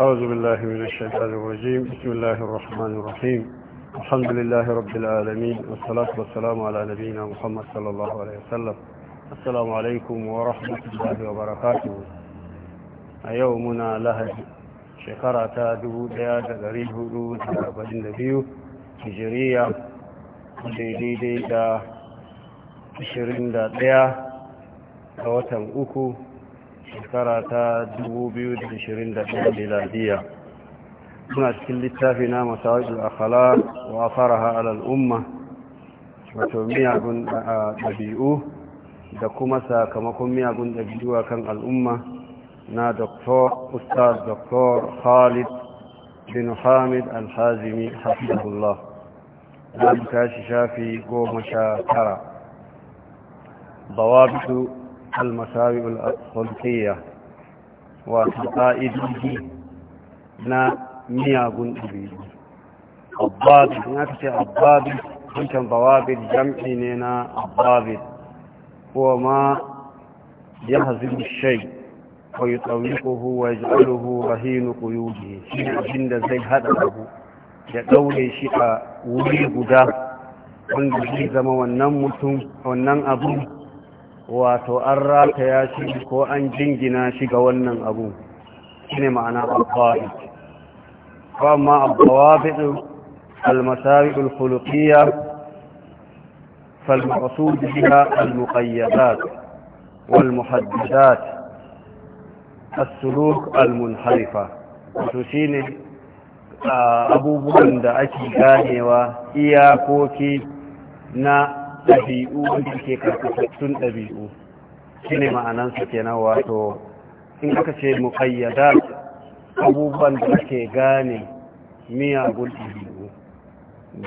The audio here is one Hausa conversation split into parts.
أعوذ بالله من الشيطان الرجيم بسم الله الرحمن الرحيم الحمد لله رب العالمين والصلاة والسلام على نبينا محمد صلى الله عليه وسلم السلام عليكم ورحمة الله وبركاته يومنا لهج شكرة دبو دياد غريب هدود أبد النبي هجرية daidai dai da 21 ga watan uku shekara ta 2021 miladiya suna cikin littafi na masawajin akhala wa faraha alal umma wato miyagun ɗabi'u da kuma sakamakon miyagun ɗabi'u a kan al'umma na doktor ustaz doktor khalid bin hamid alhazimi hafizullah na tashi shafi goma sha tara bawabitu المساوئ الخلقية وحقائده na miyagun ɗabi'u abbabid na ka ce abbabid wancan bawabid jam'i ne na abbabid ko ma ya hazin shai ko yi tsaunikuhu wa ji'aluhu rahinu kuyuji shi ne abin da zai haɗa abu ya ɗaure shi a wuri guda wanda zai zama wannan mutum wannan abu wato an rataya shi ko an jingina shi ga wannan abu shine ma'ana abba'i amma abbawabi المساوئ الخلقية فالمقصود بها المقيدات والمحددات السلوك المنحرفة وتشين abubuwan da ake ganewa iyakoki na ɗabi'u wanda ke karkatattun ɗabi'u shi ne ma'anansa kenan wato in aka ce muƙayyada abubuwan da ke gane miyagun ɗabi'u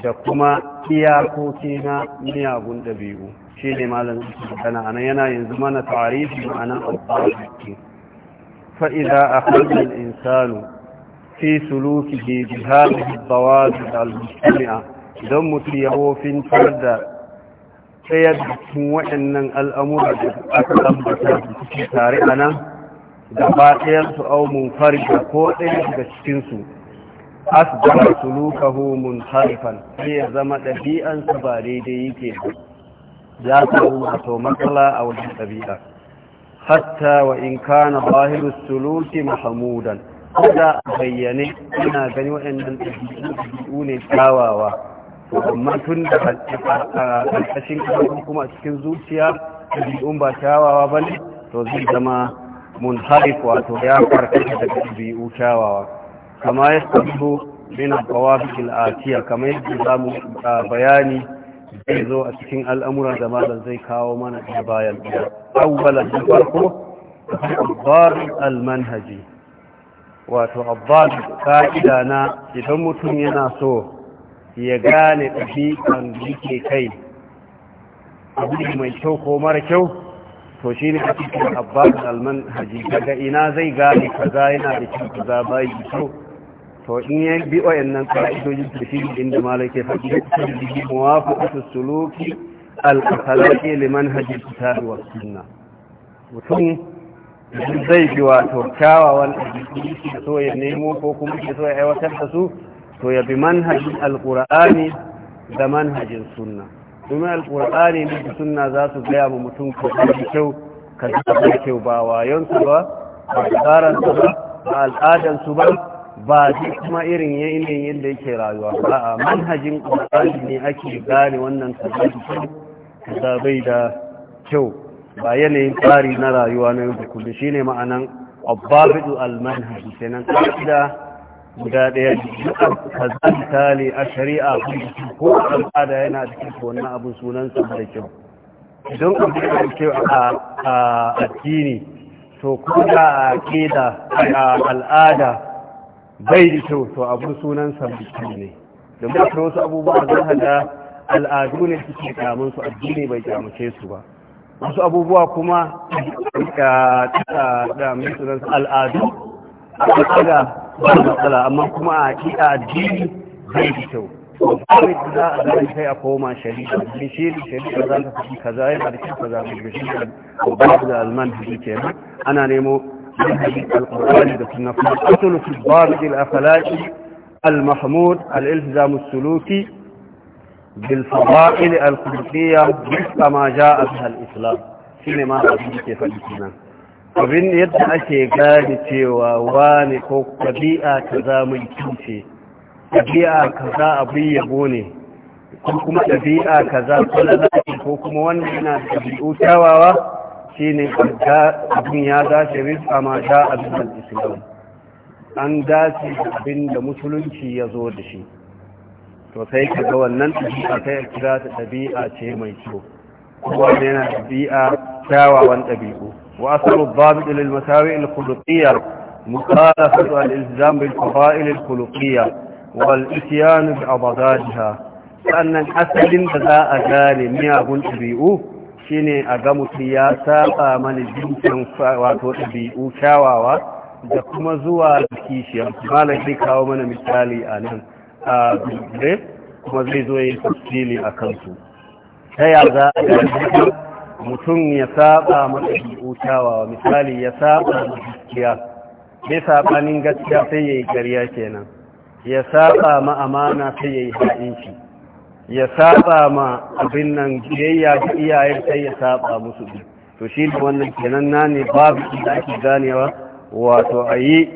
da kuma iyakoki na miyagun ɗabi'u shi ne malam magana a nan yana yanzu mana tarihi ma'anan alfahari fa'iza a hannun insanu fi suluki bi bihar da dawa da al-mustami'a don mutu yawofin tar da ɗaya da cikin waɗannan al'amura da aka ambata su tare a nan gaba ɗayansu au munfarida ko ɗaya daga cikinsu asbara sulukahu munharifan sai ya zama ɗabi'ansu ba daidai yake ya samu wato matsala a wajen ɗabi'a hatta wa in kana zahiru suluki mahamudan ko da bayyane ina gani waɗannan ɗabi'u ne kyawawa amma tun da ƙarƙashin ƙarfi kuma cikin zuciya ɗabi'un ba kyawawa ba ne to zai zama mun harif wato ya farkata daga ɗabi'u kyawawa kama ya sabbo min al-qawabil atiya kama yadda za mu bayani zai zo a cikin al'amuran da zai kawo mana da bayan ɗaya awwalan da farko al-manhaji wato abbar ka'ida na idan mutum yana so ya gane ɗabi'an da yake kai abu mai kyau ko mara kyau to shi ne a cikin abbas alman haji daga ina zai gane kaza yana da kyau kaza bayi kyau to in ya bi nan ka to shi ne inda malake faɗi da kusa da a muwafaƙatu suluki alƙasalaki liman haji kitabi wa suna. mutum zai bi wato kyawawan ɗabi'u da so ya nemo ko kuma ke so ya aiwatar da su to ya bi manhajin alkur'ani da manhajin sunna domin alkur'ani da sunna za su gaya ma mutum ko zai kyau ka zai kyau ba su ba ba su ba ba al'adansu ba ba shi kuma irin yanayin yadda yake rayuwa ba a manhajin alkur'ani ne ake gane wannan ka ka zai da kyau ba yanayin tsari na rayuwa na yau da kullum shine ma'anan abbabidu almanhaji kenan ka'ida guda ɗaya kazanta ne a shari'a ko al'ada yana cikin wannan abin sunansa da kyau don abin da kyau a addini to kuma a ƙeda a al'ada bai da kyau to abin sunansa da kyau ne domin akwai wasu abubuwa za a da al'adu ne suke kyamun su addini bai kyamuce su ba wasu abubuwa kuma da al'adu a ba matsala amma kuma a aƙida addini zai fi kyau kawai da za a zai kai a koma shari'a ne shi shari'a za ta fi kaza yana da kyau kaza mai gashi da Babban da alman hadi kenan ana nemo manhajin alƙur'ani da sunna kuma asulu fi babu il akhlaqi المحمود الالتزام السلوكي بالفضائل الخلقية مثل ما جاء بها الإسلام في ما أبيك فالإسلام abin yadda ake gane cewa wani ko ɗabi'a ka za mun kyauce ɗabi'a ka za abin yabo ne ko kuma ɗabi'a ka za kwallon ko kuma wanda yana da kabi'u kyawawa shi ne abin ya dace rizka za a abin da islam an dace abin da musulunci ya zo da shi to sai ka ga wannan ɗabi'a sai a kira ta ɗabi'a ce mai kyau kowa da yana kyawawan ɗabi'u wa asalu babu ilil masawi al-khuluqiyya muqalafatu al-ilzam bil fada'il al-khuluqiyya wal isyan bi abadadha sannan asalin da za a gane miyagun ɗabi'u shine a ga mutum ya saba mani jinsin wato ɗabi'u kyawawa da kuma zuwa kishiyar malam zai kawo mana misali a nan a kuma zai zo ya yi tafsili a kansu ta ya za a gani mutum ya saba masa kyawawa misali ya saba gaskiya sai sabanin gaskiya sai yayi ƙarya kenan ya saba ma amana sai yayi ha'inci ya saba ma abin nan jiyayya ga iyayen sai ya saba musu to shi da wannan kenan na ne babu da ake ganewa wato ayi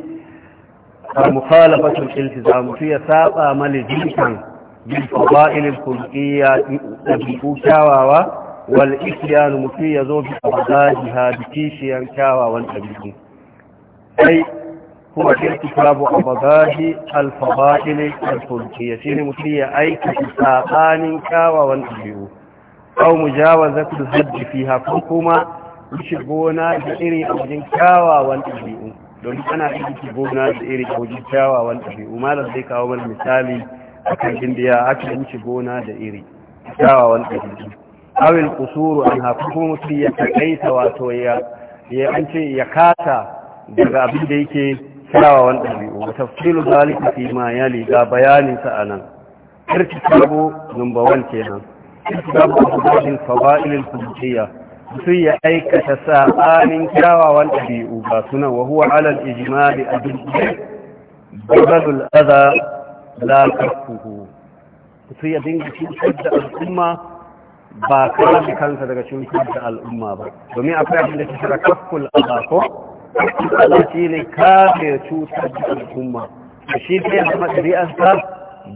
a mukhalafatul iltizam ya saba ma lijikan من بالفضائل الخلقية تبيكوشاوا والإسيان مكيزو بأعدادها بكيشيا كاوا والأبيكو أي هو ارتكاب أبضاه الفضائل الخلقية شيني مكية أي كتساقان كاوا والأبيكو أو مجاوزة الهد فيها فوقما يشبونا بإري أوجين كاوا والأبيكو لأن أنا أجيب بونا بإري أوجين كاوا والأبيكو ما لديك أول مثالي akan indiya aka wuce gona da iri kyawawan ɗabi'u awil kusuru an hafi kuma mutum ya takaita wato ya an ce ya kata daga abin da yake kyawawan ɗabi'u wa tafsilu zalika fi ma ya liga bayanin sa anan irtikabu number 1 kenan irtikabu a cikin fawa'ilin kujiya mutum ya aikata sabanin kyawawan ɗabi'u ba sunan wa huwa alal a abin badal adha la tarkuhu sai ya dinga cutar da al'umma ba kare kansa daga cutar da al'umma ba domin akwai abin da shi rakaful azako Allah shi ne kare cutar da al'umma da shi ne da matsari'ar ta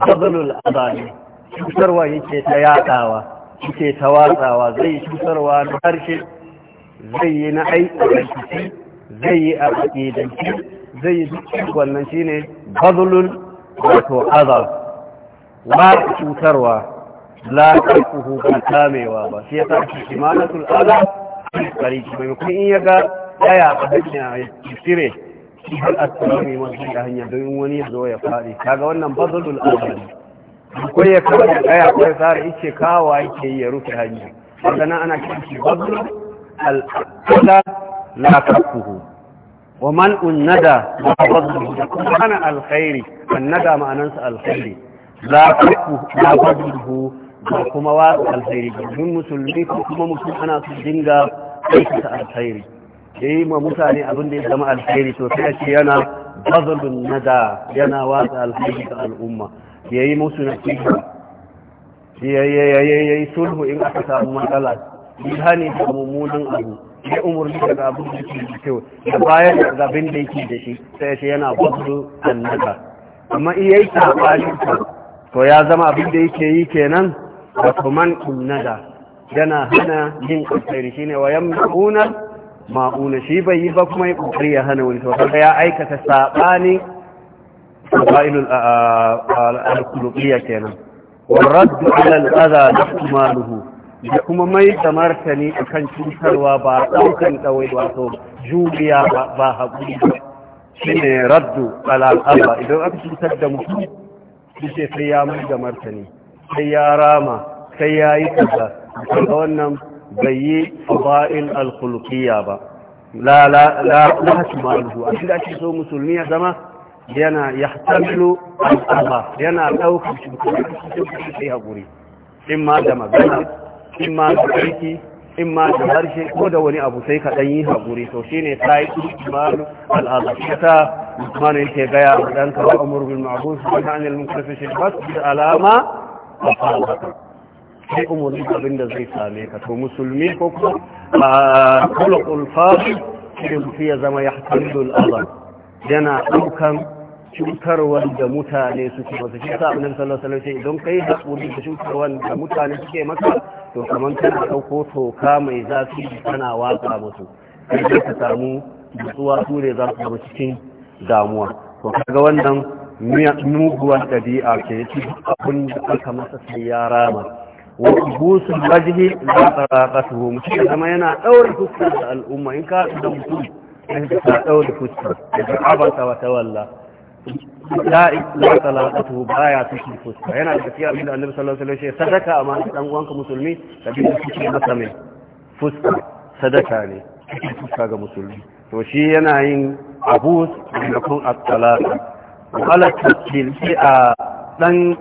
gazalul azali cutarwa yake ta yaɗawa, yake ta watsawa zai cutarwa na harshe zai yi na aiki zai yi a aƙidanci zai yi duk wannan shi ne وتو عذر ما تروى لا تقفه بالتامي وابا سيطا احتمالة الأذى قريب ممكن إن يقى لا يعقدنا يكتره في هل أترامي مزيد أهن يدوين ونيزو يفعلي كاقا ونن بضل الأذى مكو يكتر أيا قوي صار إيش كاوا إيش يروف هجي فقنا أنا كنت بضل الأذى لا تقفه wa man unnada da fadlu da kuma hana alkhairi annada ma'anansa alkhairi la fadlu da kuma wa alkhairi dun musulmi ko kuma mutum ana su dinga aikata alkhairi yayi ma mutane abin da ya zama alkhairi sosai sai ce yana fadlun nada yana wa alkhairi ga al'umma yayi musu nasiha yayi sulhu in aka samu matsala hani da mummunan abu ya umarni daga abin da yake da kyau da bayan da abin da yake da shi sai shi yana gwabdo annaba amma iya yi sabanin to ya zama abin da yake yi kenan wato man innada yana hana yin alkhairi shine wayan yamnuna ma'una shi bai yi ba kuma ya kokari ya hana wani to kaga ya aikata sabanin sabailul al-khuluqiyya kenan والرد على الأذى نفس ماله da kuma mai da martani a kan cutarwa ba ɗaukan ɗawai wato juriya ba haƙuri ba shi ne raddu al'al'alba idan aka cutar da mutum bishe sai ya mai da martani sai ya rama sai ya yi kaza daga wannan bai yi fada'il alkhuluqiyya ba la la la la hasmalu a cikin ake so musulmi ya zama yana yahtamilu al'alba yana ɗaukar cutarwa sai haƙuri in ma da magana in ma da ƙarfi in ma da harshe ko da wani abu sai ka ɗan yi haƙuri to shi ne ta yi imanin al'adashita mana yake gaya a ɗan kawo a bin ma'abu su wani hanyar mun karfe shi ba su da alama a fara sai umarni abin da zai same ka to musulmi ko kuma a kula ulfafi shi mutu ya zama ya halittu al'adar yana ɗaukan cutarwar da mutane suke masu shi sa annabi sallar alaihi wasallam idan kai haƙuri da cutarwar da mutane suke maka to kamar kana ɗauko toka mai zafi tana watsa musu kai zai ka samu nutsuwa su ne za su cikin damuwa to kaga wannan muguwar ɗabi'a ke, ci abin da aka masa sai ya rama wa busu raka la taraqatuhu shi zama yana ɗaure fuskar da al'umma in ka da mutum sai ka ɗaure fuskar da abata wa tawalla da ba baya cikin fuska yana da tafiya annabi sallallahu alaihi wasallam ya sadaka amma dan uwanka musulmi da bi cikin masa mai fuska sadaka ne fuska ga musulmi to shi yana yin abus da kun at-talata tafsil fi a dan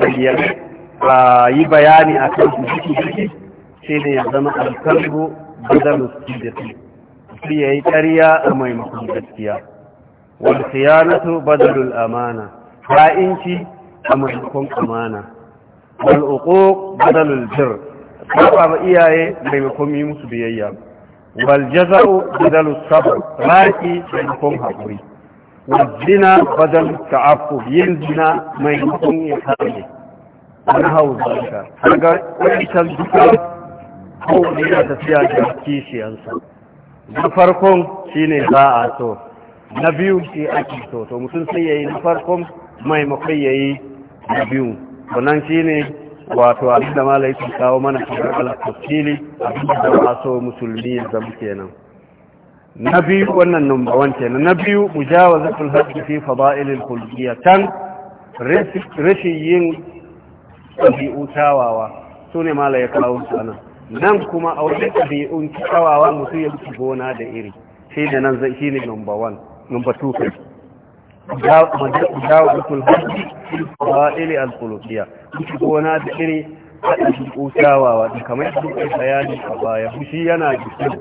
bayani bayani akan shi shi ne ya zama al-kalbu badalu yayi ƙarya a maimakon gaskiya wal khiyanatu badalul amana fa'inci amurkun amana wal uquq badalul bir saba ba iyaye maimakon yi musu biyayya wal jaza'u badalul sabr raki maimakon hakuri wal zina badalul ta'affuf yin zina maimakon ya harbe wani hau zalika daga wani duka ko ne da tafiya da kishiyansa na farkon shine za a so na biyu shi ake so to mutum sai ya yi na farkon maimakon ya yi na biyu wannan shi ne wato abin da sun kawo mana kamar alakotili abin da ba so musulmi ya zama kenan na biyu wannan numba kenan. na biyu mujawazatul hajji fi fada'ilil kulliya Can rashin yin ɗabi'u tawawa su ne mala ya kawo sana nan kuma a wajen ɗabi'un tawawa mutum ya wuce gona da iri shi ne nan zai shi ne number one number 2 da'watul hajji fil fadail al qulubiyya duk gona da iri da kutawawa da kamar duk bayani a baya shi yana jikin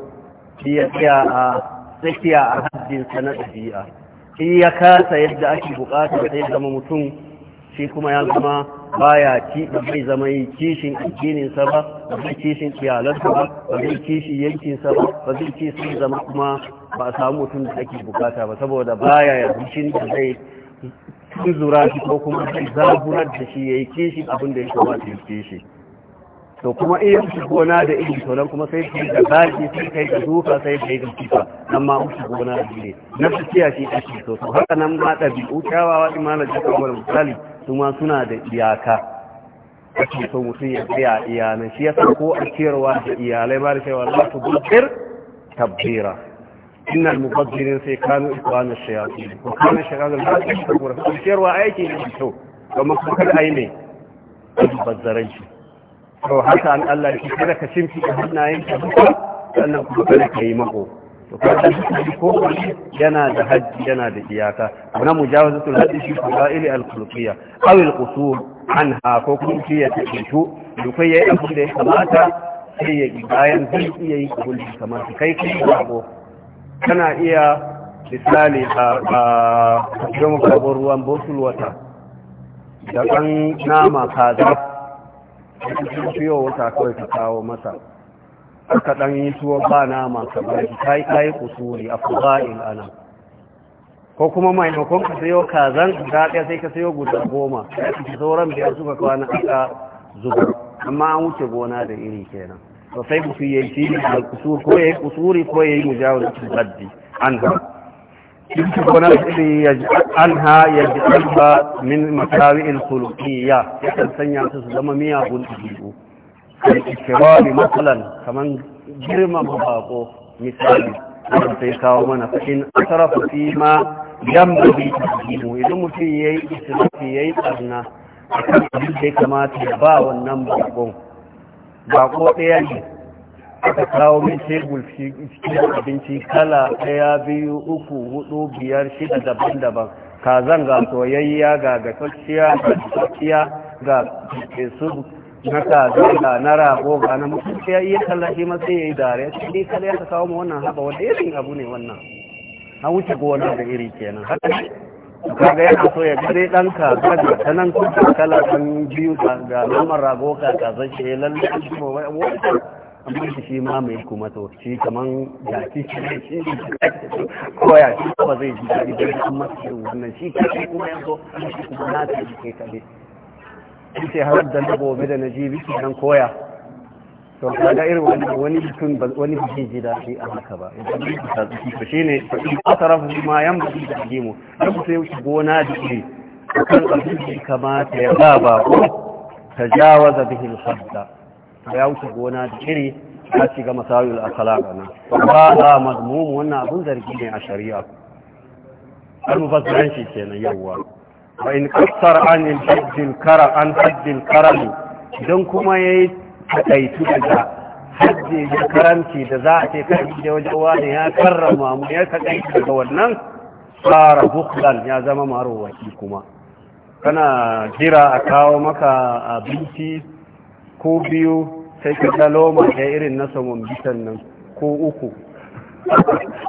shi ya tsaya a tsakiya a haddin sa na dabi'a shi ya kasa yadda ake bukata sai zama mutum shi kuma ya zama baya ci da bai zama yi kishin addininsa ba ba zai kishin iyalarsa ba ba zai kishi yankin ba ba zai kishin zama kuma ba a samu mutum da ake bukata ba saboda baya ya zuci da zai tuzura shi ko kuma zai zaburar da shi ya yi kishi abin da ya kamata ya kishi to kuma iya shi gona da iri to nan kuma sai yi da baki sai kai da duka sai yi da kifa nan ma uku gona da ne na tafiya shi ake to haka nan ma ɗabi'u kyawawa imanar jikin wani misali kuma suna da iyaka ake so mutum ya tsaya iyalai shi sa ko a ciyarwa da iyalai ba da cewa la su budir tabbira inna al sai kanu ikwana shayatin ko kana shagal da shi saboda ciyarwa aiki ne mai kyau kuma kuma ai ne bazzaran shi to haka an Allah shi kada ka shimfi da hannayen ka sannan kuma kada ka yi mako to kuma ko yana da hajji yana da iyaka na mujawazatul haddi fi fadail al-khuluqiyya aw al-qusur anha ko kun shi ya tafitu duk yayi abin da ya kamata sai ya bayan zai iya yi abin da kamar kai kai babo kana iya misali a cikin kabar ruwan botul wata da kan nama kaza da cikin wata kawai ta kawo masa aka ɗan yi tuwo ba nama ka bari ta yi kayi kusuri a ba'in ana ko kuma maimakon ka sayo kazan ga ɗaya sai ka sayo guda goma sauran biyar suka kwana aka zuba amma an wuce gona da iri kenan to sai ku ya fi da kusuri ko ya yi kusuri ko ya yi mujawar baddi an ha duk gona da iri an ha ya ji ɗan min makawi il kulukiyya ya kan sanya su su zama miyagun ɗabi'u al-ikirari matsalan kamar girmama bako misali wanda sai kawo mana fa'in asarafa fi ma yambabi tajimu idan mutum yayi israfi yayi tsarna akan abin da ya kamata ya ba wannan Ba bako ɗaya ne aka kawo min tebul cikin abinci kala ɗaya biyu uku hudu biyar shida daban-daban kazan ga soyayya ga gasasciya ga gasasciya ga su na kaza ga na rago ga na mutunci ya iya tallafi masu ya yi dare sai dai kada ya kawo mu wannan haba, wanda irin abu ne wannan an wuce wannan da iri kenan haka ga yana so ya gare dan ka da ta nan kuka kala kan biyu ga naman rago ka zai shi lalle an shi wai amma shi shi ma mai kuma to shi kaman ya ci shi ne shi ko ya ci ba zai ji daɗi amma shi wannan shi kuma yanzu shi kuma na ta ji kai kaɗai ce har da na gobe da Najibi ji biki koya to kaga irin wani wani bikin wani biki ji da shi a haka ba idan biki ta tsaki to shine fa in asarafu ma yan biki da jimu dan ku sai wuce gona da shi kan abin da kamata ya ba ba tajawaza bihi al-hadda ya wuce gona da iri ta shiga al akhlaq nan ba da mazmumu wannan abun zargi ne a shari'a al-mufassirin shi kenan yawwa wa in kasar an haddin kara an haddin karami don kuma ya yi taɗaitu da haddi ya karanci da za a ce da wajen wani ya karrama mu ya taɗaitu daga wannan tsara buklan ya zama waki kuma kana jira a kawo maka abinci ko biyu sai ka ga loma da irin na saman bitan nan ko uku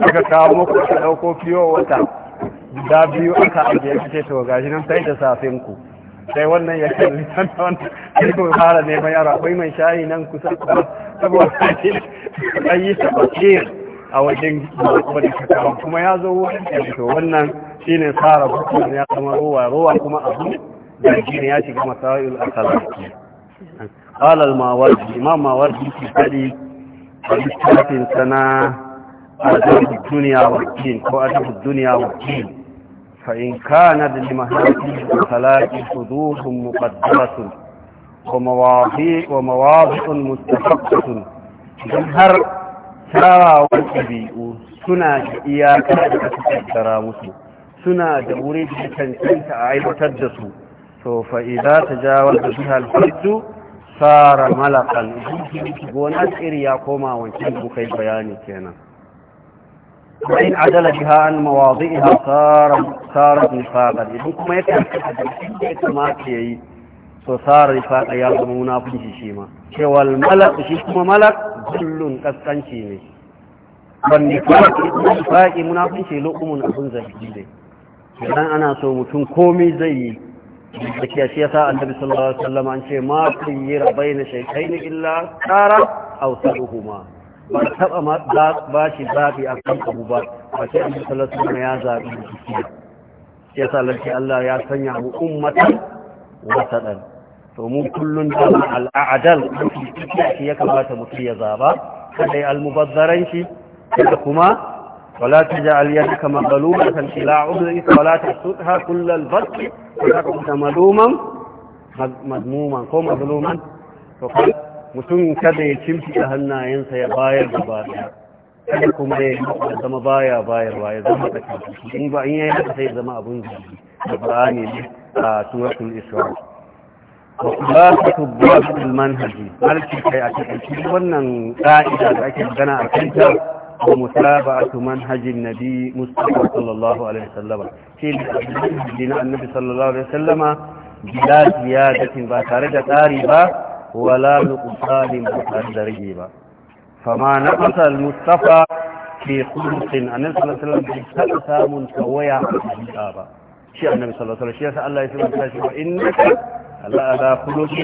aka kawo maka ka ɗauko fiyo wata guda biyu aka ajiye ya to gashi nan sai da safin ku sai wannan ya kalli san wannan sai ko fara neman yaro akwai mai shayi nan kusa saboda sai an yi tabakir a wajen wani kakawa kuma ya zo wurin da to wannan shine fara bukun ya kuma ruwa ruwa kuma abu da shine ya shiga masawil akala قال الماوردي ما ماوردي في حديث حديث سنه أدب الدنيا والدين وأدب الدنيا والدين فإن كانت لمهاتف الخلائق حدوث مقدرة ومواضيع ومواضع مستحقة جمهر ترى والإبيء سنة إياك تتكدر مسلم سنة دوري تنتين تعيب تدسو سوف إذا تجاوز بها الحد صار ملقا gonat iri ya koma wancan bukai bayani kenan وإن عدل بها عن مواضعها صار صار نفاقا إذن كما كما كي صار نفاقا يا منافق شيما شو الملك شيما ملك ذل كسكن شيما والنفاق نفاق منافق شي لقم أبن زهيد idan ana so mutum komai zai yi da ke shi yasa annabi sallallahu alaihi wasallam an ce ma kuyyira bayna shaytayn illa qara aw saduhuma ba taɓa ba shi zaɓi a kan abu ba ba sai an musala suna ya zaɓi da jiki ya sa lafi Allah ya sanya mu ummatan wata ɗan to mu kullum da al'adal shi ya kamata mutum ya zaɓa kada ya almubazzaran shi da kuma ولا تجعل يدك مغلولة إلى عضلك ولا تبسطها كل البسط فتكون ملوما مذموما ko مظلوما وقال mutum kada ya cimci hannayensa ya bayar da baya kuma ya zama baya bayarwa ya zama tsakanin in ba in yi haka sai zama abin zuci da Qur'ani ne a Ba Isra wa khulafatu babil manhaji malaki kai a cikin wannan ƙa'ida da ake magana a kanta ومتابعة منهج النبي مصطفى صلى الله عليه وسلم شيء دين النبي صلى الله عليه Ba tare da tsari ba? ولا نقصان بتدرجي با فما نقص المصطفى في خلق النبي صلى الله عليه وسلم بكثرة من سويا حجابا شيء النبي صلى الله عليه وسلم شيء الله يسلم الله إنك على خلق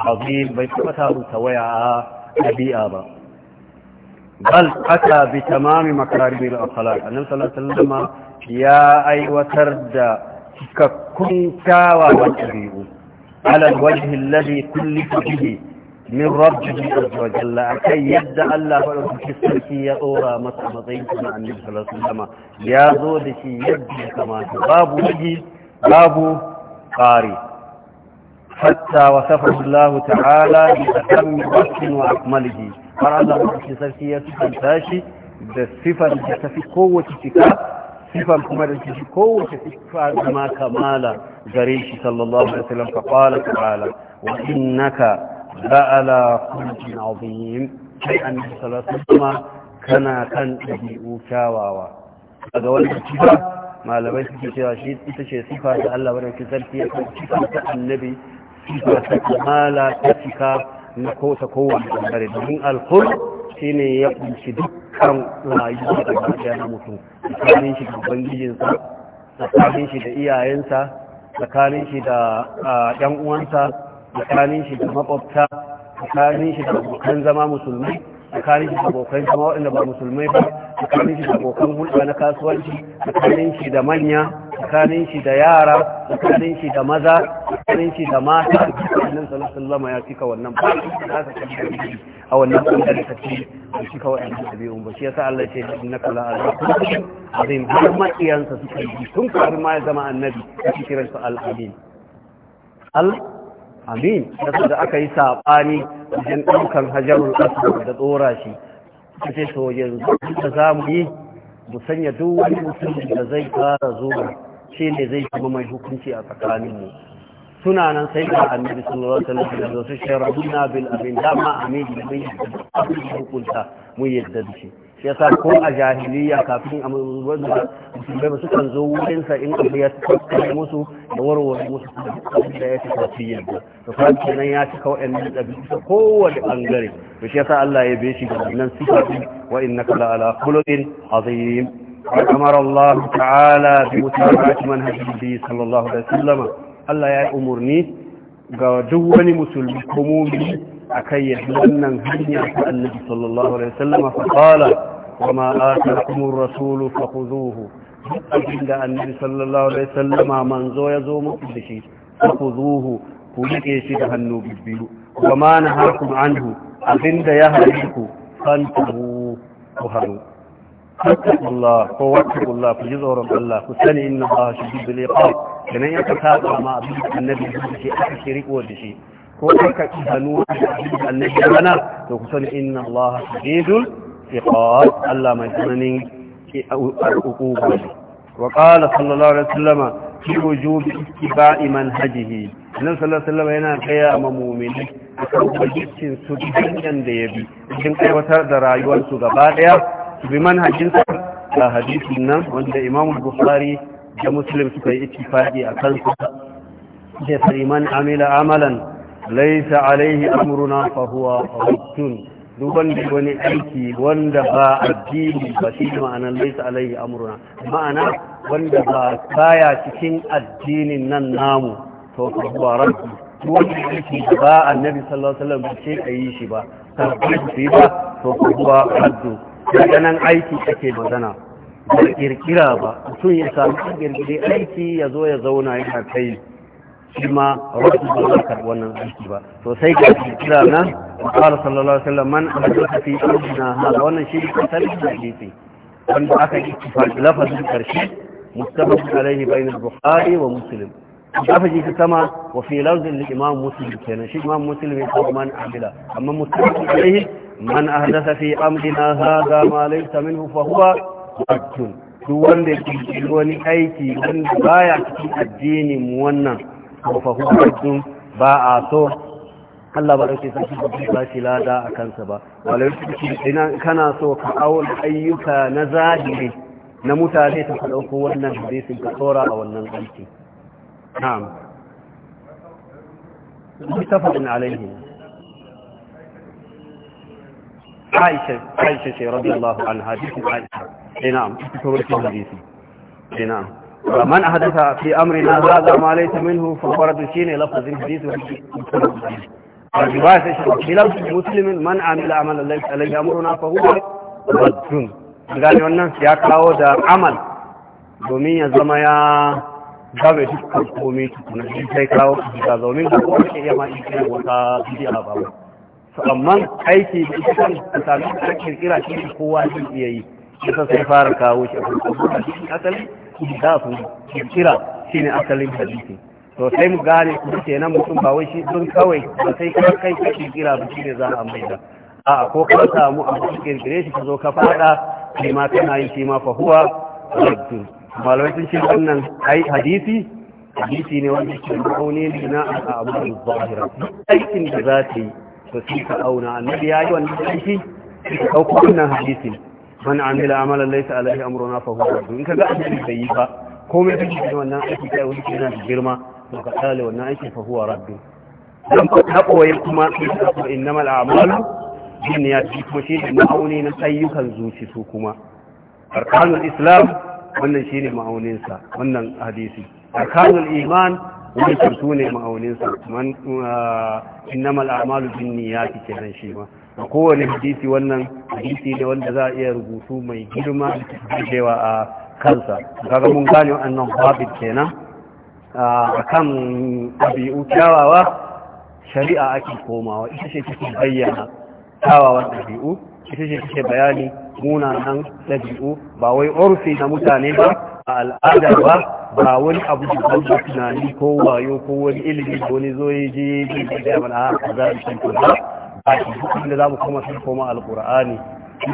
عظيم بكثرة من سويا حجابا بل أتى بتمام مكارم الأخلاق النبي صلى الله عليه وسلم يا أيوة ترد ككنتا وتبيئ على الوجه الذي كلف به من ربه عز وجل كي يبدا الله ولو في يا أورا مطعمتين كما أن النبي صلى الله عليه وسلم يا زودك يبدا كما باب وجه باب قاري حتى وصفه الله تعالى بأتم وصف وأكمله فرأى الله في كسركي يا بصفة في قوة كتاب Sifan kuma da shi kowace sifa zama kamala gare shi sallallahu alaihi wasallam fa qala ta'ala wa innaka la'ala khulqin azim sai annabi sallallahu alaihi wasallam kana kan dabi'u kyawawa daga wannan sifa malamai suke cewa shi ita ce sifa da Allah bane ki sarki ya kan sifa ta annabi sifa ta kamala ta cika na kowace kowace bangare domin alkhul shine ya kunshi duk kan rayu da gaskiya na mutum tsakanin shi da ubangijinsa tsakanin shi da iyayensa tsakanin shi da yan uwansa tsakanin shi da makwabta tsakanin shi da abokan zama musulmai tsakanin shi da abokan zama waɗanda ba musulmai ba tsakanin shi da abokan hulɗa na kasuwanci tsakanin shi da manya tsakanin shi da yara tsakanin shi da maza tsakanin shi da mata annabi sallallahu alaihi wasallam ya cika wannan ba za ka kace a wannan bangare ka ce ya cika wannan dabi'un ba shi sa Allah ya ce innaka la azim azim har ma iyansa suka yi tun kafin ma ya zama annabi ya kiran su al al'amin. al-amin da aka yi saɓani, wajen ɗaukan hajarul aswad da tsora shi kace to yanzu da zamu yi sanya duk wani mutum da zai fara zuwa shi ne zai kuma mai hukunci a tsakaninmu سنانا سيدنا النبي صلى الله عليه وسلم يقول شربنا بالأبين لا ما أمين لبين أبين قلتا ميزد شيء شيطا كو أجاهلية كافرين أم الوزن مسلمين سكن زوين فإن أبي يتفق الموسو دوروا الموسو قبل لا يتفق في يبقى فقال كنياتي كو أن الأبين كو الأنجري وشيطا الله يبيشي جميلا سفر وإنك لا على خلق عظيم أمر الله تعالى بمتابعة منهج النبي صلى الله عليه وسلم Allah ya yi umarni ga duk wani musulmi ko mumini akan ya wannan hanya ta annabi sallallahu alaihi wasallam fa qala wa ma atakumur rasulu fakhuzuhu abin da annabi sallallahu alaihi wasallama manzo ya zo muku da shi fakhuzuhu ku yake shi da hannu biyu wa ma nahakum anhu abinda ya hariku fantahu ku haru فاتقوا الله وواتقوا الله فجزورهم الله فسني إن الله شديد العقاب لأن يتسابع مع أبيك النبي بشيء أشرك وبشيء وأنك تهنوا النبي لنا فسني إن الله شديد العقاب ألا ما يتمنين العقوبة وقال صلى الله عليه وسلم في وجوب اتباع منهجه annabi sallallahu alaihi wasallam yana gaya ma mu'mini akan wajibcin su dukkan da yabi cikin aiwatar da rayuwarsu gaba daya bi manhajinsa ga hadisin nan wanda imam bukhari da muslim suka yi ittifaqi a kansa da sariman amila amalan laysa alaihi amruna fa huwa raddun duk wanda wani aiki wanda ba addini ba shi ma'ana laysa alaihi amruna ma'ana wanda ba kaya cikin addinin nan namu to fa huwa raddun duk wanda aiki ba annabi sallallahu alaihi wasallam ba a yi shi ba shi ba to fa huwa raddun daga nan aiki ake magana ba kirkira ba mutum ya sami kirkiri aiki ya zo ya zauna ya kai shi ma wasu ba za wannan aiki ba to sai ga kirkira nan ƙara sallallahu alaihi wasallam man ahdatha fi amrina hada wannan shi ne asalin hadisi wanda aka yi ittifaqi lafazin karshe mustafaq alaihi bainar bukhari wa muslim lafazi ta sama wa fi lafzin imam muslim kenan shi imam muslim ya kawo man amila amma mustafaq alaihi man ahdasa fi amrina hadha ma laysa minhu fa huwa raddun duk wanda ke wani aiki wanda baya cikin addinin wannan to fa huwa raddun ba a so Allah ba dauke sai shi ba shi lada a kansa ba walai ina kana so ka aul ayyuka na zahiri na mutane ta dauko wannan hadisin ka tsora a wannan aiki na'am mutafaqun alaihi aisha aisha ce radiyallahu anha hadisin aisha ina eh, surutun hadisi ina eh, man ahdatha fi amrina hadha ma laysa minhu fa faradu shine lafazin hadisi wa riwaya shi fi lafzin muslimin man amila amalan laysa alayhi amruna fa huwa raddun gane wannan ya kawo da amal domin ya zama ya gabe dukkan komai tukuna shi sai iya ma'a ikirar wata bidiyar ba amma aiki da ita kan sami da kirkira shi ne kowa zai iya yi kusa sai fara kawo shi a kuma shi asalin su kirkira shi ne asalin hadisi to sai mu gane kuma nan mutum ba wai shi don kawai ba sai kuma kai ka kirkira ba shi ne za a da. a ko ka samu a cikin kirkire shi ka zo ka fada shi ma kana yin shi ma fa huwa rabbu malamai sun ce wannan ai hadisi hadisi ne wanda ke ma'auni na abu da zahira aikin da za ta yi to sai ka auna annabi ya yi wannan aiki ka ɗauko wannan hadisin man amila amalan laysa alaihi amruna fa huwa in kaga annabi bai yi ba komai kake shi wannan aiki kai wani yana da girma to ka tsale wannan aiki fa huwa rabbi dan ko ta koyi kuma innamal a'malu binniyati kuma shi ne ma'auni na ayyukan zuci su kuma arkanul islam wannan shine ma'auninsa wannan hadisi arkanul iman wancan su ne ma'auninsa man ah, innamal a'malu binniyati kenan shi ma a kowane hadisi wannan hadisi ne wanda za a iya rubutu mai girma cewa a kansa kaga mun gane wannan babin kenan ah, a kan ɗabi'u kyawawa shari'a ake komawa ita ce take bayyana kyawawan ɗabi'u ita ce take bayani munanan ɗabi'u ba wai orfi na mutane ba a al'ada ba ba wani abu da tunani ko wayo ko wani ilimi ko wani zo ya je ya mana a za a shi ba da za mu koma shi koma alqur'ani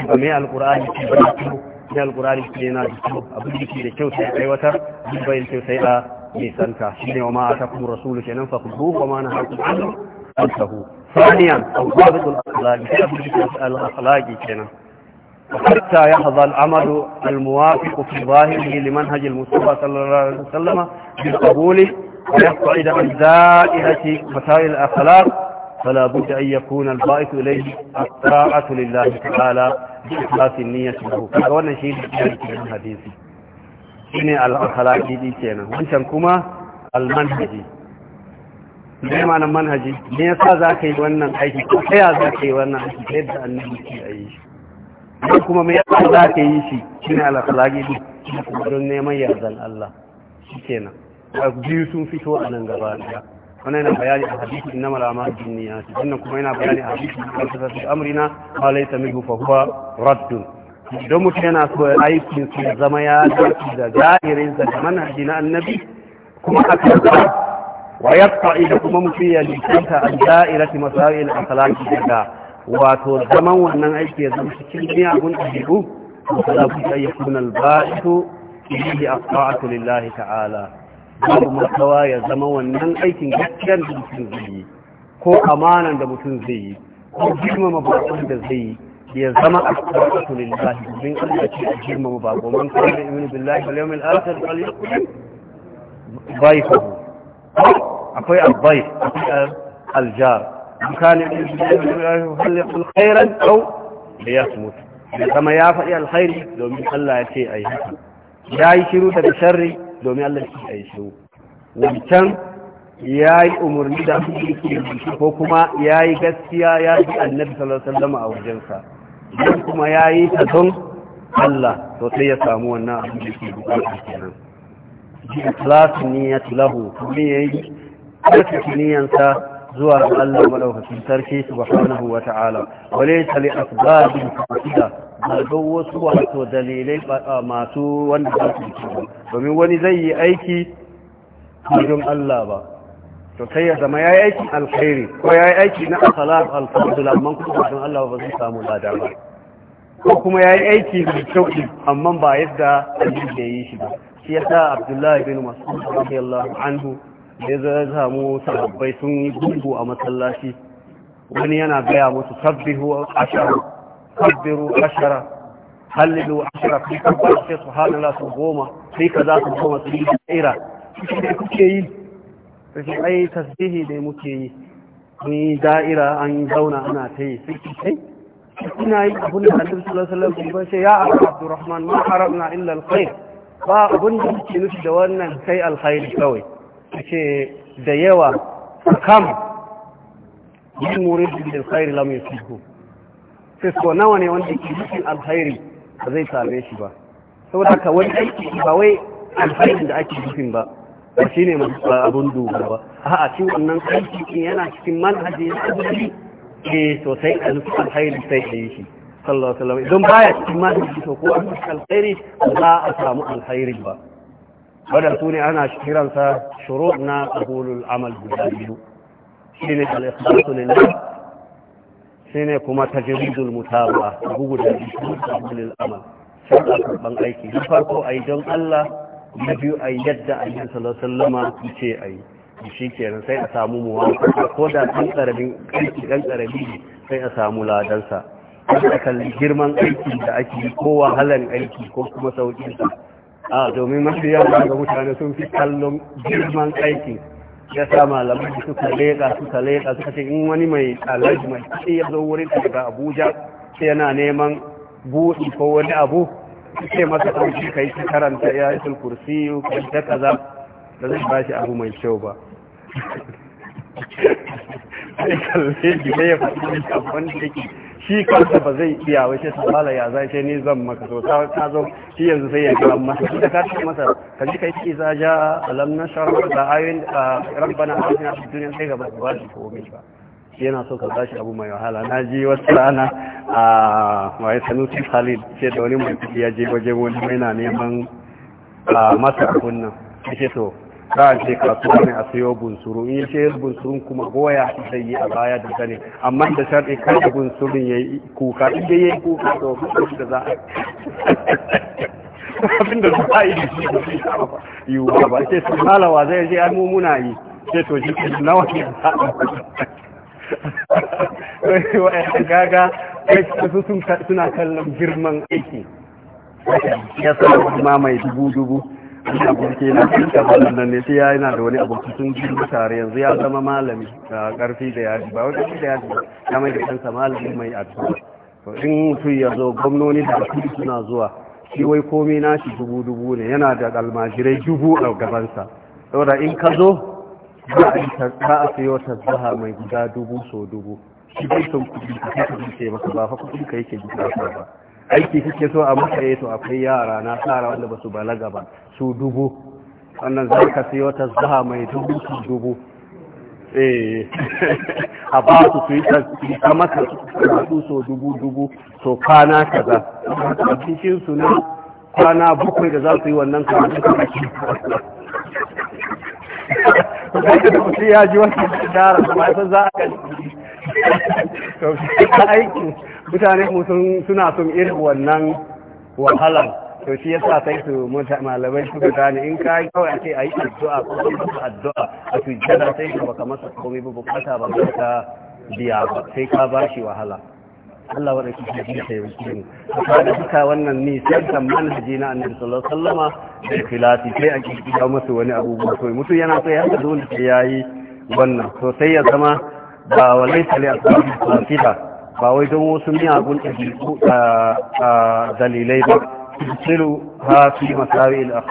ba mai Alƙur'ani ki ba ku ne alqur'ani ki na da kyau abu da ke da kyau sai aiwatar duk bayan kyau sai a nisanta ne wa ma atakum rasulu kenan nan kudu wa ma nahakum anhu fantahu ثانيا الضابط الاخلاقي الاخلاقي كده حتى يحظى العمل الموافق في ظاهره لمنهج المصطفى صلى الله عليه وسلم بالقبول ويقعد عن دائرة مسائل الأخلاق فلا بد أن يكون البائث إليه الطاعة لله تعالى بإخلاص النية له فأولا شيء في الحديث إني الأخلاق دي كينا وإنشان كما المنهجي ne ma nan manhaji ne yasa za ka yi wannan aiki ko ta ya za ka yi wannan aiki yadda annabi ke yi don kuma mai yasa za ka yi shi shi ne alakalagidu don neman yardan Allah shi kenan a biyu sun fito a nan gaba ɗaya wannan yana bayani a hadisi na malama duniya wannan kuma yana bayani a hadisi na sassafi amrina ma laisa minhu fa huwa raddun idan mutum yana so ya aiki su zama ya dace da zahirin sa da manhaji na annabi kuma a karɓa wa yaqta'i da kuma mutum ya likanta an da'irati masail akhlaqi da واتو زمان وانن ايكي يزم شكل دنيا هن اهلو فلا بد ان يكون الباعث فيه الطاعه لله تعالى دور مستوى يا زمان وانن ايكي جكن دنسن زي كو امانا دمسن زي كو جرم مباقون دزي يا زمان الطاعه لله من قلع اكي جرم مباقون من قلع امن بالله اليوم الاخر قال khalid yukhliqul khairan aw liyasmut kama ya faɗi alkhairi domin Allah ya ce ai haka yayi shiru da sharri domin Allah ya ce shiru wancan yayi umurni da ko kuma yayi gaskiya ya ji annabi sallallahu alaihi wasallam a wajensa kuma yayi ta don Allah sosai ya samu wannan abin da ke lahu yayi karfafa zuwa ga Allah madaukakin sarki subhanahu wa ta'ala wale tali asbabin fasida malgo wasu wato dalilai masu wanda za su ci domin wani zai yi aiki cikin Allah ba to sai ya zama yayi aiki alkhairi ko yayi aiki na asalat alfadl amma kuma don Allah ba zai samu lada ba ko kuma yayi aiki da kyau? amma ba yadda Allah ya yi shi ba shi yasa Abdullahi bin Mas'ud radiyallahu anhu ya zai samu sahabbai sun yi gungu a masallaci wani yana gaya musu sabbihu ashara sabbiru ashara hallilu ashara fi kabbar sai su hana la su goma sai ka za su goma su yi tsira shi da kuke yi sai ai tasbihi da muke yi mun yi da'ira an zauna ana ta yi sai kai ina yi abun da annabi sallallahu alaihi wasallam ya ya abdurrahman ma harabna illa alkhair ba abun da yake nufi da wannan kai alkhair kawai ake da yawa kam yin murid da alkhairi ya fi sai so nawa ne wanda ke cikin alkhairi ba zai same shi ba saboda ka wani aiki ba wai alkhairin da ake nufin ba ba shi ne abun dogara ba a'a cikin wannan aiki yana cikin manhaji na azumi ke sosai a zuwa alkhairi sai da yi shi sallallahu alaihi wasallam idan baya cikin manhaji to ko an alkhairi ba za a samu alkhairi ba wadda su ne ana kiransa shuru na ƙabulul amal guda biyu shi ne al'ikhlasu shi ne kuma tajridul mutaba bugu da biyu ƙabulul amal ne a karɓar aiki na farko a yi don Allah na biyu a yi yadda a yi su ce a yi shi kenan sai a samu muwa ko da ɗan sai a samu ladansa a kalli girman aiki da ake ko wahalar aiki ko kuma sauƙinsa a domin mafi yawa ga mutane sun fi kallon girman aiki ya sa malamai suka leƙa suka leƙa suka ce in wani mai alaji mai kuɗi ya zo wurin ga abuja sai yana neman buɗi ko wani abu sai masa ɗauki ka yi karanta ya yi sulkursi ko ta kaza da zai ba shi abu mai kyau ba sai kalle ya faɗi wani abu wanda shi kansa ba zai iya wai sai sabala ya zai sai ni zan maka so ta zo shi yanzu sai ya ga masa shi da kace masa ka ji kai ki za ja alam nashar da ayin rabbana atina fid dunya sai gaba ba shi komai ba yana so ka bashi abu mai wahala na ji wasu rana a wai sanusi khalid ce da wani mai ya je waje wani mai na neman masa abun nan ce to za a ce kasuwa ne a sayo bunsuru in ce bunsurun kuma goya zai yi a baya da zane amma da sharɗi kar da bunsurun ya yi kuka in dai ya yi kuka to abin da za a abin da za a yi da shi yi wa ba ce su halawa zai je an mummuna yi ce to ji nawa ne za a wa'yan gaga suna kallon girman aiki ya sa kuma mai dubu-dubu wani aboki na cikin malam nan ne sai ya yana da wani abokin sun ji tare yanzu ya zama malami a karfi da yaji ba wani da yaji ya mai da kansa malami mai addu'a to in mutum ya zo gwamnoni da kudi suna zuwa shi wai komai nashi dubu dubu ne yana da almajirai dubu a gabansa saboda in ka zo za a yi ta sayo tasbaha mai guda dubu so dubu shi bai son kudi ka kasa maka ba fa kudi ka yake gida ba aiki kike so a matsaye eh to akwai yara na tsara wanda ba su balaga ba su dubu wannan za ka sai wata zaha mai dubu su dubu eh a ba su su yi ta masa su so dubu dubu so kwana kaza a cikin su na kwana bakwai da za su yi wannan karatu da da mutum ya ji wata shara kuma san za a kan mutane musun suna son irin wannan wahalan to shi yasa kai su malamai ga gane in ka yi kawai ake a yi addu'a ko yi addu'a a sujjada sai ka baka masa komai ba bukata ba ka biya ba sai ka ba shi wahala Allah wa rahmatu shi ta yi ne A da suka wannan ni sai kan manhaji na annabi sallallahu alaihi wasallama da filati sai a kika masa wani abubuwa to mutu yana so ya haka dole sai yayi wannan to sai ya zama ba walai tali asbabi fita. ba wai don wasu miyagun ɗabi'u a dalilai ba tusiru ha fi masari al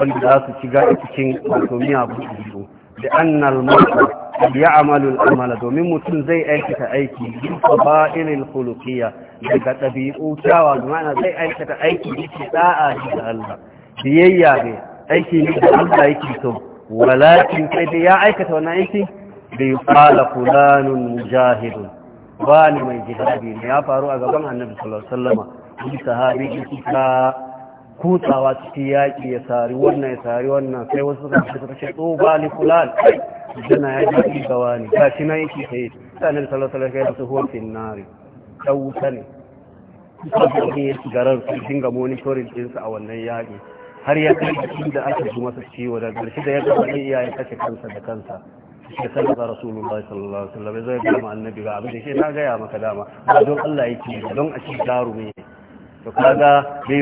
wanda za su shiga a cikin wato miyagun ɗabi'u da annal mutu ya amalu amala domin mutum zai aikata aiki bin fa'il al daga ɗabi'u kyawa da ma'ana zai aikata aiki yake da'a da Allah biyayya ne aiki ne da Allah yake so walakin sai da ya aikata wannan aiki bi qala fulanun mujahidun wani mai jihadi ne ya faru a gaban annabi sallallahu alaihi wasallam sahabi ya ka kutsawa cikin yaƙi ya sari wannan ya sari wannan sai wasu suka ce suka ce tsoba li fulan jana ya ji ga ne ta shi nan yake sai sai annabi sallallahu alaihi wasallam ya su huwa fin nari dan wuta ne sabbin ya garar su dinga monitoring ɗinsu a wannan yaƙi har ya kai da aka ji masa ciwo da ƙarshe da ya gaba iya ya kashe kansa da kansa sai sallaka rasulullahi sallallahu alaihi wasallam zai gama annabi ga abin da ke na gaya maka dama ba don Allah yake don a ci jarumi to kaga bai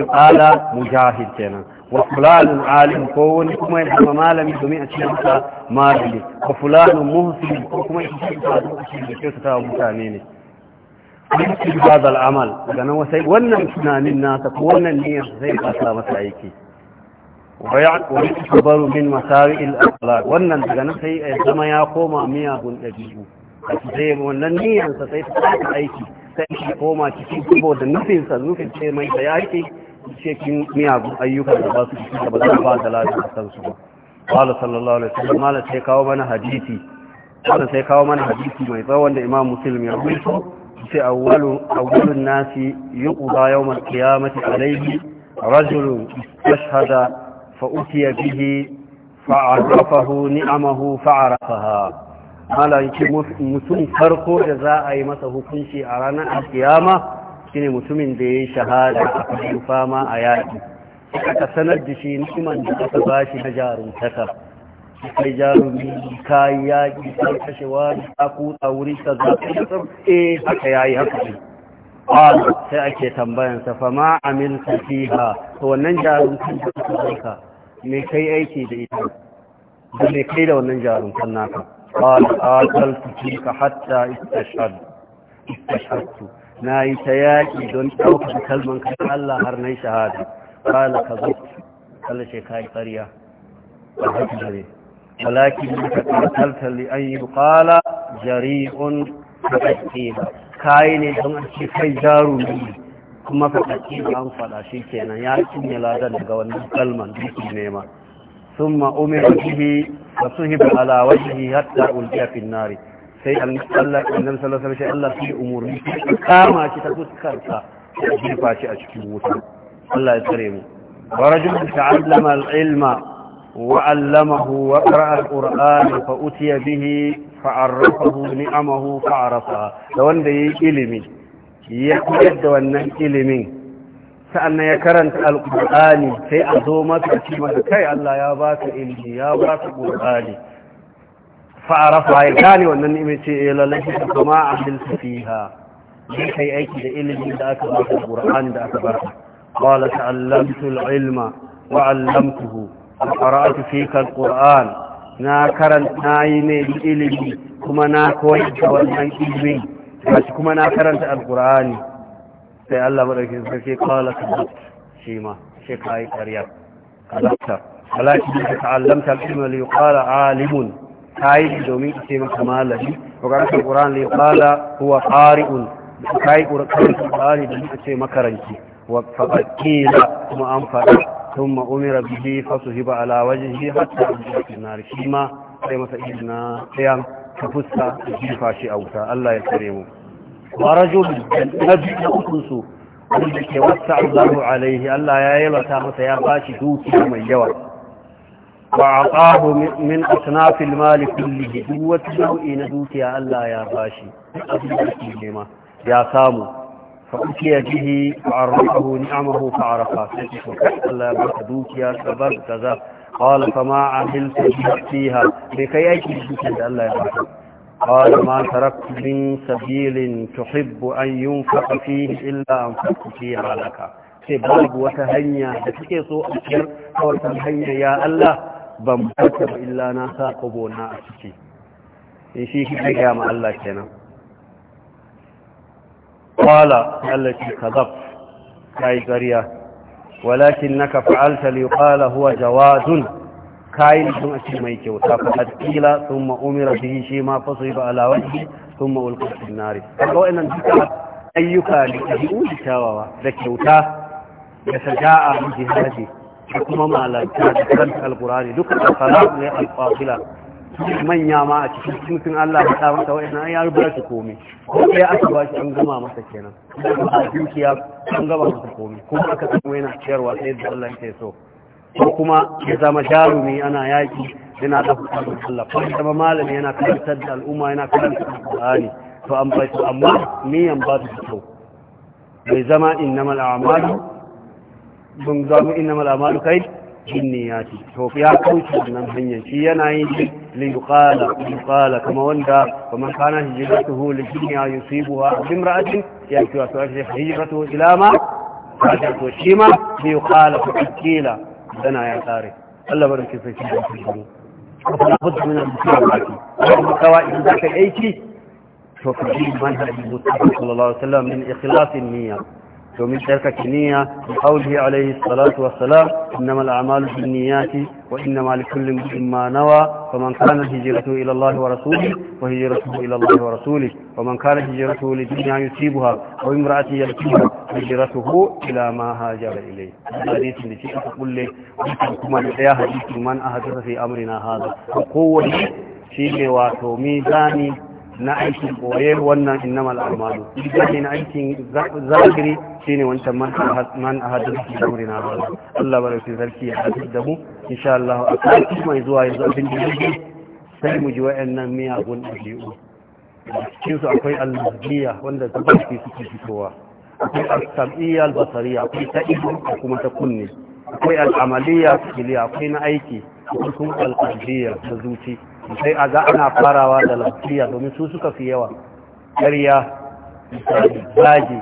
mujahid kenan wa fulanun alim ko wani kuma ya zama malami domin a cikin sa malami wa fulanun muhsin ko kuma ya cikin sa don a cikin sa mutane ne wannan amal daga wasai wannan tunanin nasa ko wannan niyyar zai kasa masa aiki wani kabaru min masari al'akhlaq wannan daga nan sai ya zama ya koma miyagun ɗabi'u a sai wannan niyyarsa sai ta saka aiki sai shi koma cikin kubo da nufinsa nufin ce mai da yaki cikin miyagun ayyukan da ba su ciki da ba da lafiya kan su ba sallallahu alaihi wasallam mala sai kawo mana hadisi wanda sai kawo mana mai tsawon da imam ya sai awwalu awwalun nasi yuqda yawm al-qiyamati alayhi rajulun فأتي به فعرفه نعمه فعرفها malanci mutum farko da za a yi masa hukunci a ranar alkiyama ne mutumin da ya yi shahada a kashin fama a yaƙi aka sanar da shi niman da aka ba shi na jaruntaka kai jarumi kayi yaƙi kashewa da kuta wuri ka zaɓi eh haka yayi haka ne qalu sai ake tambayansa sa fa ma amilta fiha to wannan jarum kan da me kai aiki da ita da me kai da wannan jarum kan naka qalu aqal fika hatta istashad istashadtu na yi ta yaƙi don ɗaukar kalman ka Allah har na shahada ƙala ka zuci ƙala ce ka yi ƙarya a haƙi jare alaƙi ne ka ƙaƙaltar an yi ƙala jari'un ta ƙaƙƙe kayi ne don a ce kai jarumi kuma faɗaƙi da an faɗa shi kenan ya cinye ladan daga wannan kalman duki nema sun ma'umir bihi wa suhiba ala wajhi hatta ulqiya finnari sai Allah annabi sallallahu alaihi wasallam Allah sai umurni kama shi ta fuskar ta ya jefa shi a cikin wuta Allah ya tsare mu wa rajulun ta'allama al-ilma وعلمه وقرا القران فاتي به فعرفه نعمه فعرفها ده وند يلمي يقد wannan ilimin sa'anna ya karanta alqur'ani sai a zo maka kai Allah ya baka ilmi ya baka qur'ani fa arafa ya kani wannan ilimi ce eh lalle ka kuma abdul fiha kai aiki da ilimi da aka baka qur'ani da aka barka qala ta'allamtu al'ilma qara'atu fika alquran na karanta yi ne ilimi kuma na koyi da wannan ilimin gashi kuma na karanta alqurani sai Allah madauki sarki qala kadabt shi ma shi kai ƙarya kadabta walakin ka ta'allamta al-ilma li yuqala alimun kai domin ce maka malami ko karanta alquran li yuqala huwa qari'un kai karanta alqurani domin ce makaranci wa faqila kuma an fara ثم أمر به فصهب على وجهه حتى أبدأ في النار شيما سيما سيدنا قيام كفسة جيفا شي أوسا الله يكرمه ورجل نبي أخلصه wanda ke wata Allahu alaihi Allah ya yalwata masa ya bashi dukiya mai yawa wa aqahu min asnafil mali kullihi duk wata nau'i na dukiya Allah ya bashi ya samu فأتي به فعرفه نعمه فعرفها فكلا بك دوكيا سبب كذا قال فما عملت فيها بكي أجل بك الله يرحمه قال ما تركت من سبيل تحب أن ينفق فيه إلا أنفقت فيها لك سبب وتهنيا تكيسو أكثر وتهنيا يا الله بمكتب إلا ناسا قبونا أكثر إن شيء كما الله كنا qala allati kadab kai gariya walakinnaka fa'alta li qala huwa jawadun kai mutum ake mai kyauta fa qila thumma umira bihi shi ma fasiba ala wajhi thumma ulqiya fi an-nar kaga wannan duka ayyuka da tabi'u da tawawa da kyauta da saja'a da jihadi da kuma malaka da karanta alqur'ani duka manya ma a cikin mutum Allah ya sa masa wa'annan ya rubar su komi ko ɗaya aka ba shi an gama masa kenan a dukiya an gama masa komi kuma aka samu yana ciyarwa sai da Allah ya so ko kuma ya zama jarumi ana yaki yana da hukumar Allah ko ya zama malami yana karantar da al'umma yana karantar da Qur'ani to an bai su amma niyan ba su kyau bai zama innamal a'malu mun zama innamal a'malu kai binniyati to ya kauce wannan hanyar shi yana yin liyuqala liyuqala kama wanda kuma kana hijratuhu li dunya yusibuha bimra'atin ya ce wato shi hijratuhu ila ma ta to shi ma liyuqala fakila dana ya tsare Allah barke sai shi da shi kuma budu min al-musabati kuma kawa idan zaka aiki to ka bi manhajin Mustafa sallallahu alaihi wasallam min ikhlasin niyya domin tsarkake niyya da haulihi alaihi salatu nawa faman kana hijratuhu ila Allah wa rasulihi wa daya hadisi amrina na aikin koyar wannan innamal amalu na aikin zagiri ne wancan man a man ahaddathu fi amrina hada Allah barkin sarki ya hadith da mu insha Allah a kai mai zuwa yanzu abin da sai mu ji wayannan miyagun dabi'u cikin su akwai al-mujiyya wanda tabbaci suke fitowa akwai al-sam'iyya al-basariyya akwai ta ido kuma ta kunne akwai al-amaliyya kiliya akwai na aiki akwai kuma al-qalbiyya ta zuci sai a ga ana farawa da lafiya domin su suka fi yawa ƙarya misali zagi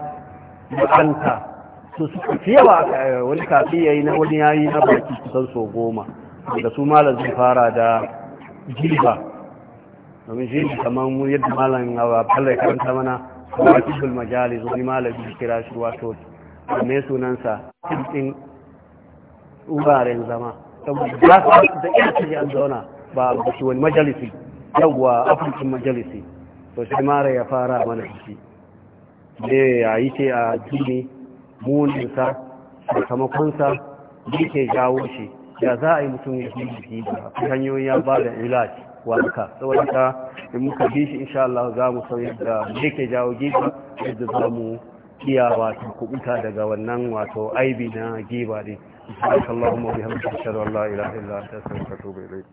da su suka fi yawa eh, wani kafi ya yi na wani yayi na baki kusan so goma da su malar zai fara da jilba domin shi ne kamar mu yadda malar yin a fallar karanta mana a wakil majalis wani zai kira shi wato mai sunansa cikin wuraren zama saboda da iya ce an zauna ba a wani majalisi yawwa afirkin majalisi to shi mara ya fara mana shi da ya yi ce a dini muninsa samakonsa da ke jawo shi ya za a yi mutum ya fi jiki da hanyoyin ya ba da ilaci warka saboda ka in muka bi shi insha Allah za mu san yadda da ke jawo giba yadda za mu iya wato kubuta daga wannan wato aibi na giba ne. Allahumma bihamdika ashhadu an la ilaha illa anta astaghfiruka wa atubu ilayk.